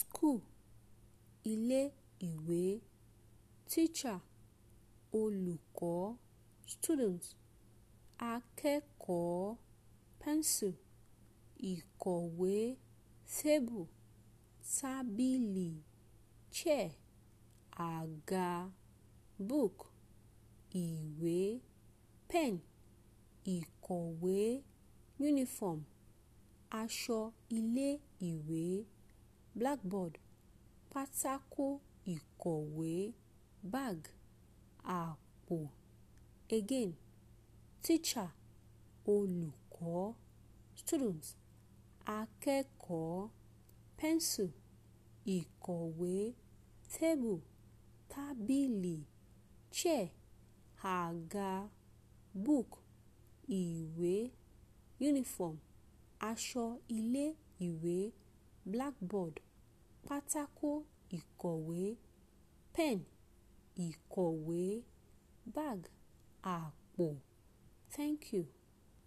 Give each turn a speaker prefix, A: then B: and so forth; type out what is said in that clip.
A: school, ilé ìwé, teacher, olùkọ́, student, akẹ́kọ̀ọ́, pencil, ìkọ̀wé, table, tábìlì, chair, àga, book, ìwé, pen, ìkọ̀wé, uniform, aṣọ ilé ìwé blackboard pátákó ìkọ̀wé bag àpò again teacher olùkọ́ student akẹ́kọ̀ọ́ pencil ìkọ̀wé table tábìlì chair àga book ìwé uniform aṣọ ilé ìwé blackboard, pátákó ìkọ̀wé, pen, ìkọ̀wé, bag, àpò. Thank you.